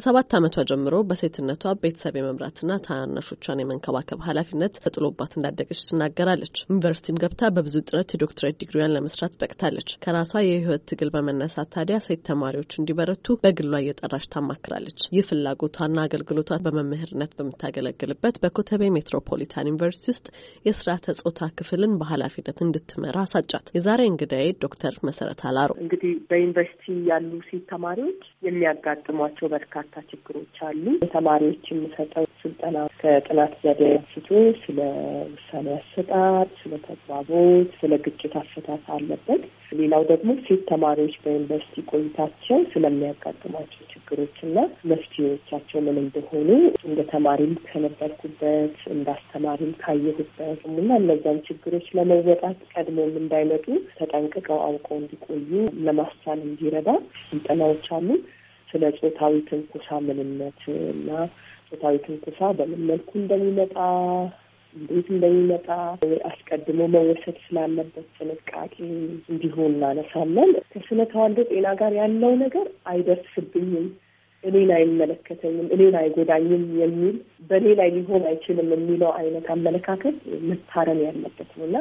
ከሰባት ዓመቷ ጀምሮ በሴትነቷ ቤተሰብ የመምራትና ታናናሾቿን የመንከባከብ ኃላፊነት ተጥሎባት እንዳደገች ትናገራለች። ዩኒቨርሲቲም ገብታ በብዙ ጥረት የዶክትሬት ዲግሪዋን ለመስራት በቅታለች። ከራሷ የህይወት ትግል በመነሳት ታዲያ ሴት ተማሪዎች እንዲበረቱ በግሏ እየጠራች ታማክራለች። ይህ ፍላጎቷና አገልግሎቷ በመምህርነት በምታገለግልበት በኮተቤ ሜትሮፖሊታን ዩኒቨርሲቲ ውስጥ የስርዓተ ጾታ ክፍልን በኃላፊነት እንድትመራ አሳጫት። የዛሬ እንግዳዬ ዶክተር መሰረት አላሮ እንግዲህ በዩኒቨርሲቲ ያሉ ሴት ተማሪዎች የሚያጋጥሟቸው በርካታ በርካታ ችግሮች አሉ። ለተማሪዎች የምሰጠው ስልጠና ከጥናት ዘዴ አንስቶ ስለ ውሳኔ አሰጣጥ፣ ስለ ተግባቦት፣ ስለ ግጭት አፈታት አለበት። ሌላው ደግሞ ሴት ተማሪዎች በዩኒቨርሲቲ ቆይታቸው ስለሚያጋጥሟቸው ችግሮችና መፍትሄዎቻቸው ምን እንደሆኑ እንደ ተማሪም ከነበርኩበት እንደ አስተማሪም ካየሁበት እና እነዚያን ችግሮች ለመወጣት ቀድሞም እንዳይመጡ ተጠንቅቀው አውቀው እንዲቆዩ ለማስቻል እንዲረዳ ስልጠናዎች አሉ። ስለ ጾታዊ ትንኮሳ ምንነት እና ጾታዊ ትንኮሳ በምን መልኩ እንደሚመጣ እንዴት እንደሚመጣ አስቀድሞ መወሰድ ስላለበት ጥንቃቄ እንዲሆን እናነሳለን። ከስነ ተዋልዶ ጤና ጋር ያለው ነገር አይደርስብኝም፣ እኔን አይመለከተኝም፣ እኔን አይጎዳኝም የሚል በእኔ ላይ ሊሆን አይችልም የሚለው አይነት አመለካከት መታረም ያለበት ነው እና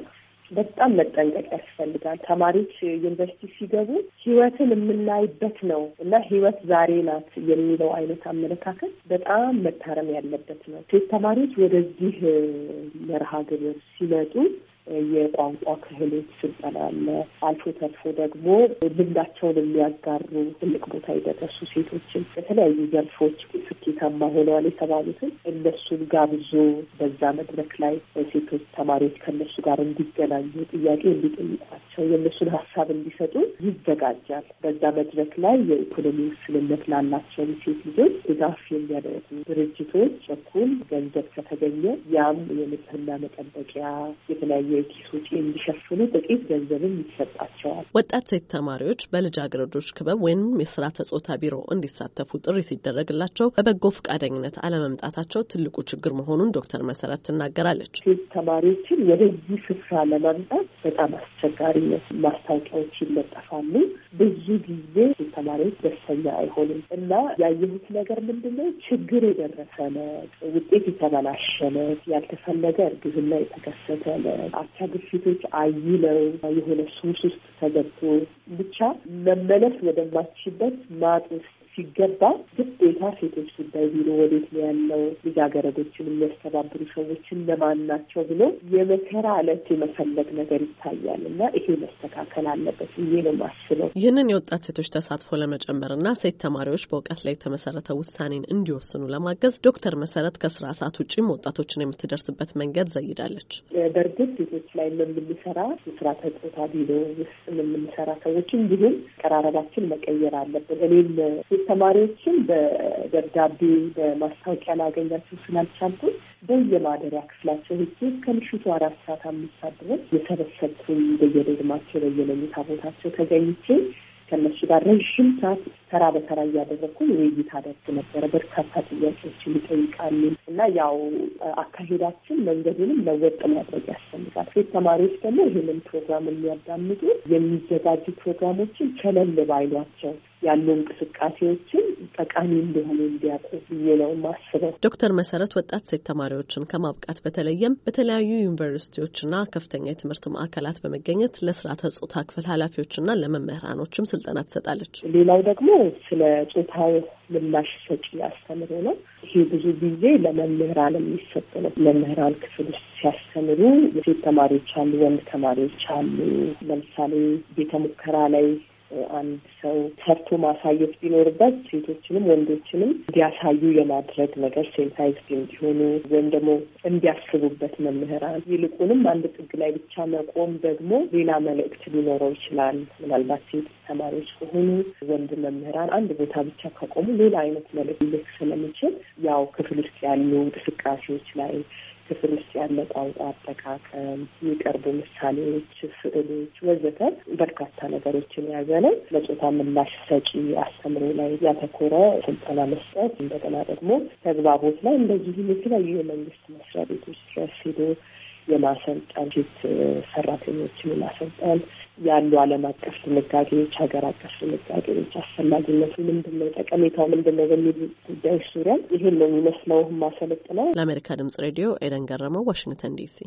በጣም መጠንቀቅ ያስፈልጋል። ተማሪዎች ዩኒቨርሲቲ ሲገቡ ህይወትን የምናይበት ነው እና ህይወት ዛሬ ናት የሚለው አይነት አመለካከት በጣም መታረም ያለበት ነው። ሴት ተማሪዎች ወደዚህ መርሃ ግብር ሲመጡ የቋንቋ ክህሎች ስልጠና አለ። አልፎ ተርፎ ደግሞ ልምዳቸውን የሚያጋሩ ትልቅ ቦታ የደረሱ ሴቶችን በተለያዩ ዘርፎች ስኬታማ ሆነዋል የተባሉትን እነሱን ጋብዞ በዛ መድረክ ላይ ሴቶች ተማሪዎች ከነሱ ጋር እንዲገናኙ ጥያቄ እንዲጠይቋቸው የእነሱን ሀሳብ እንዲሰጡ ይዘጋጃል። በዛ መድረክ ላይ የኢኮኖሚ ውስንነት ላላቸው ሴት ልጆች ድጋፍ የሚያደርጉ ድርጅቶች በኩል ገንዘብ ከተገኘ ያም የንጽህና መጠበቂያ የተለያየ የኪስ ውጪ እንዲሸፍኑ ጥቂት ገንዘብም ይሰጣቸዋል። ወጣት ሴት ተማሪዎች በልጃገረዶች ክበብ ወይም የስራ ተጾታ ቢሮ እንዲሳተፉ ጥሪ ሲደረግላቸው በበጎ ፈቃደኝነት አለመምጣታቸው ትልቁ ችግር መሆኑን ዶክተር መሰረት ትናገራለች። ሴት ተማሪዎችን ወደዚህ ስፍራ ለማምጣት በጣም አስቸጋሪ ማስታወቂያዎች ይለጠፋሉ። ብዙ ጊዜ ሴት ተማሪዎች ደስተኛ አይሆኑም እና ያየሁት ነገር ምንድን ነው ችግር የደረሰ ነ ውጤት የተበላሸ ነ ያልተፈለገ እርግዝና የተከሰተ ነ የጥላቻ ግፊቶች አይለው የሆነ ሱስ ውስጥ ተገብቶ ብቻ መመለስ ወደማችበት ማጥ ውስጥ ሲገባ ግዴታ ሴቶች ጉዳይ ቢሮ ወዴት ነው ያለው፣ ልጃገረዶችን የሚያስተባብሩ ሰዎችን ለማን ናቸው ብሎ የመከራ ዕለት የመፈለግ ነገር ይታያል እና ይሄ መስተካከል አለበት ብዬ ነው የማስበው። ይህንን የወጣት ሴቶች ተሳትፎ ለመጨመር እና ሴት ተማሪዎች በእውቀት ላይ የተመሰረተ ውሳኔን እንዲወስኑ ለማገዝ ዶክተር መሰረት ከስራ ሰዓት ውጭም ወጣቶችን የምትደርስበት መንገድ ዘይዳለች። በእርግጥ ሴቶች ላይ የምንሰራ የስራ ተጦታ ቢሮ ውስጥ የምንሰራ ሰዎች እንዲሁም ቀራረባችን መቀየር አለብን። እኔም ተማሪዎችን በደብዳቤ በማስታወቂያ ላገኛቸው ስላልቻልኩኝ በየማደሪያ ክፍላቸው ሄጄ ከምሽቱ አራት ሰዓት አምስት ሰዓት ድረስ የሰበሰብኩኝ በየደግማቸው በየመኝታ ቦታቸው ተገኝቼ ከነሱ ጋር ረዥም ሰዓት ተራ በተራ እያደረግኩ ውይይት አደርግ ነበረ። በርካታ ጥያቄዎችን ይጠይቃሉ እና ያው አካሄዳችን መንገዱንም ለወጥ ማድረግ ያስፈልጋል። ሴት ተማሪዎች ደግሞ ይህንን ፕሮግራም የሚያዳምጡ የሚዘጋጁ ፕሮግራሞችን ቸለል ባይሏቸው ያሉ እንቅስቃሴዎችን ጠቃሚ እንደሆኑ እንዲያውቁ ብዬ ነው ማስበው። ዶክተር መሰረት ወጣት ሴት ተማሪዎችን ከማብቃት በተለየም በተለያዩ ዩኒቨርሲቲዎችና ከፍተኛ የትምህርት ማዕከላት በመገኘት ለስራ ጾታ ክፍል ኃላፊዎችና ለመምህራኖችም ስልጠና ትሰጣለች። ሌላው ደግሞ ስለ ጾታው ምላሽ ሰጪ አስተምሮ ነው። ይሄ ብዙ ጊዜ ለመምህራን የሚሰጥ ነው። መምህራን ክፍል ውስጥ ሲያስተምሩ የሴት ተማሪዎች አሉ፣ ወንድ ተማሪዎች አሉ። ለምሳሌ ቤተ ሙከራ ላይ አንድ ሰው ሰርቶ ማሳየት ቢኖርበት ሴቶችንም ወንዶችንም እንዲያሳዩ የማድረግ ነገር ሴንሳይዝ እንዲሆኑ ወይም ደግሞ እንዲያስቡበት መምህራን ይልቁንም አንድ ጥግ ላይ ብቻ መቆም ደግሞ ሌላ መልእክት ሊኖረው ይችላል። ምናልባት ሴት ተማሪዎች ከሆኑ ወንድ መምህራን አንድ ቦታ ብቻ ከቆሙ ሌላ አይነት መልእክት ልክ ስለምችል ያው ክፍል ውስጥ ያሉ እንቅስቃሴዎች ላይ ክፍል ውስጥ ያለ ቋንቋ አጠቃቀም፣ የሚቀርቡ ምሳሌዎች፣ ስዕሎች ወዘተ በርካታ ነገሮችን የያዘ ነው። በጾታ ምላሽ ሰጪ አስተምሮ ላይ ያተኮረ ስልጠና መስጠት፣ እንደገና ደግሞ ተግባቦት ላይ እንደዚህ የተለያዩ የመንግስት መስሪያ ቤቶች ድረስ ሄዶ የማሰልጠን ሴት ሰራተኞችን የማሰልጠን ያሉ ዓለም አቀፍ ድንጋጌዎች፣ ሀገር አቀፍ ድንጋጌዎች አስፈላጊነቱ ምንድን ነው፣ ጠቀሜታው ምንድን ነው በሚሉ ጉዳዮች ዙሪያ ይህን ነው የሚመስለው ነው። ለአሜሪካ ድምጽ ሬዲዮ ኤደን ገረመው፣ ዋሽንግተን ዲሲ